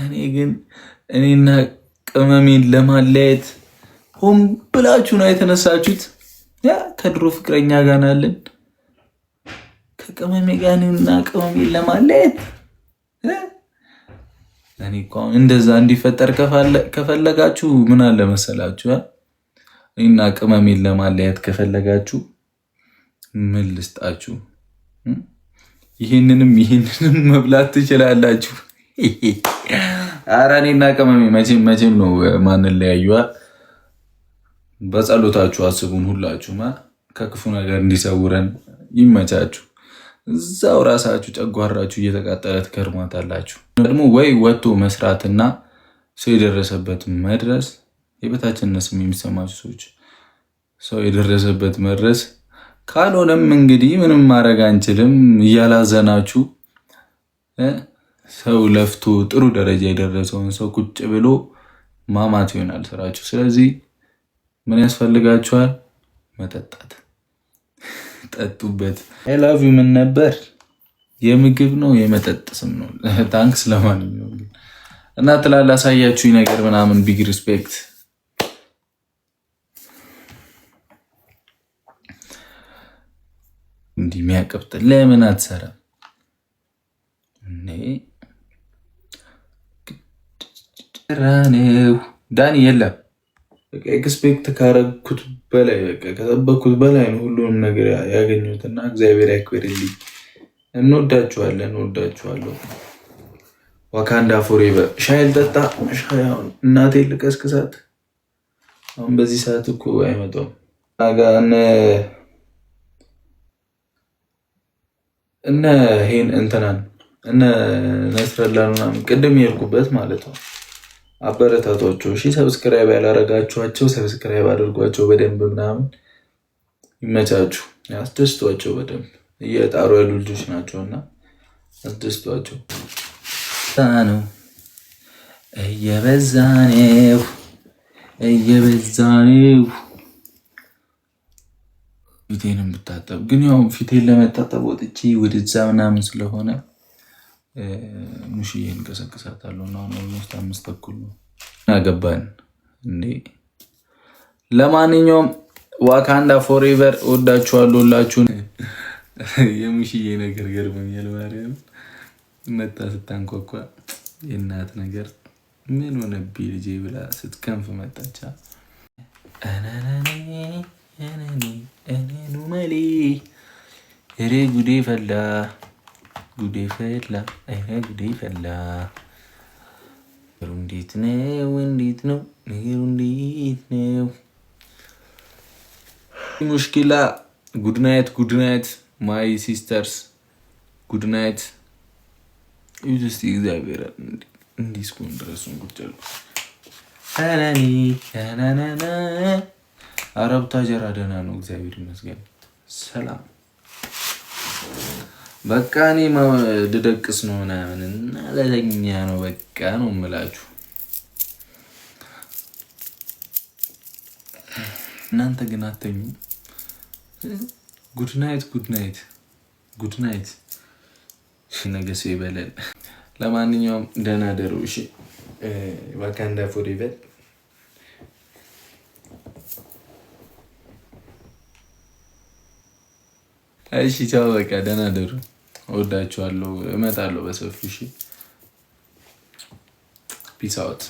እኔ ግን እኔና ቅመሜን ለማለያየት ሆን ብላችሁ ነው የተነሳችሁት። ያ ከድሮ ፍቅረኛ ጋር ያለን ከቅመሜ ጋር እኔና ቅመሜን ለማለያየት እኔ እኮ አሁን እንደዛ እንዲፈጠር ከፈለጋችሁ ምን አለ መሰላችሁ፣ እኔና ቅመሜን ለማለያየት ከፈለጋችሁ ምን ልስጣችሁ? ይህንንም ይህንንም መብላት ትችላላችሁ። ኧረ እኔና ቅመሜ መቼም መቼም ነው ማንለያዩ። በጸሎታችሁ አስቡን ሁላችሁ ከክፉ ነገር እንዲሰውረን ይመቻችሁ። እዛው ራሳችሁ ጨጓራችሁ እየተቃጠለ ትከርማታላችሁ። ደግሞ ወይ ወጥቶ መስራትና ሰው የደረሰበት መድረስ የበታችነት ስሜት የሚሰማችሁ ሰዎች ሰው የደረሰበት መድረስ ካልሆነም እንግዲህ ምንም ማድረግ አንችልም እያላዘናችሁ ሰው ለፍቶ ጥሩ ደረጃ የደረሰውን ሰው ቁጭ ብሎ ማማት ይሆናል ስራችሁ። ስለዚህ ምን ያስፈልጋችኋል? መጠጣት። ጠጡበት። አይላቪ ምን ነበር? የምግብ ነው የመጠጥ ስም ነው። ታንክስ ለማንኛውም እና ትላል አሳያችሁኝ ነገር ምናምን ቢግ ሪስፔክት እንዲህ የሚያቀብጥ ለምን አትሰራም? ራኔው ዳኒ የለም። ኤክስፔክት ካረግኩት በላይ ከጠበቅኩት በላይ ነው ሁሉንም ነገር ያገኙት እና እግዚአብሔር ያክብርልኝ። እንወዳችኋለን፣ እንወዳችኋለሁ። ዋካንዳ ፎሬቨር። ሻይ ልጠጣ። ሻይን እናቴ ልቀስቅሳት። አሁን በዚህ ሰዓት እኮ አይመጣም። እነ ይሄን እንትናን እነ ነስረላን ምናምን ቅድም የሄድኩበት ማለት ነው አበረታቷቸው። እሺ ሰብስክራይብ ያላረጋችኋቸው ሰብስክራይብ አድርጓቸው በደንብ ምናምን ይመቻችሁ፣ አስደስቷቸው። በደንብ እየጣሩ ያሉ ልጆች ናቸው እና አስደስቷቸው ነው። እየበዛኔው እየበዛኔው ፊቴንም ብታጠብ ግን ያው ፊቴን ለመታጠብ ወጥቼ ወደዛ ምናምን ስለሆነ ሙሽዬ እንቀሰቅሳታለሁ እና ኦልሞስት አምስት ተኩል ነው ገባን እንዴ። ለማንኛውም ዋካንዳ ፎሬቨር እወዳችኋለሁ ሁላችሁን። የሙሽዬ ነገር ገርሞኛል። ማርያም መታ ስታንኳኳ የእናት ነገር ምን ሆነብኝ ልጄ ብላ ስትከንፍ መጣቻ እኔ ኑመሌ ሬ ጉዴ ፈላ ጉዴ ፈላ፣ አይነ ጉዴ ፈላ። ነገሩ እንዴት ነው? እንዴት ነው ነገሩ? እንዴት ነው? ሙሽኪላ። ጉድናይት፣ ጉድናይት ማይ ሲስተርስ፣ ጉድናይት። ይሁት እስቲ እግዚአብሔር እንዲስኩን እስኮን ድረሱን ቁጭ አልኩ። አናኒ አናናና አረብታ ጀራ ደህና ነው፣ እግዚአብሔር ይመስገን። ሰላም በቃ እኔ ልደቅስ ነው ምናምን እና ለተኛ ነው በቃ ነው የምላችሁ። እናንተ ግን አተኙ። ጉድናይት ጉድናይት ጉድናይት። ናይት፣ ጉድ ናይት። ለማንኛውም ደህና ደሩ። እሺ በቃ እንደ ፎድ ይበል እሺ ቻው፣ በቃ ደህና ደሩ። እወዳችኋለሁ። እመጣለሁ በሰፊ ፒስ አውት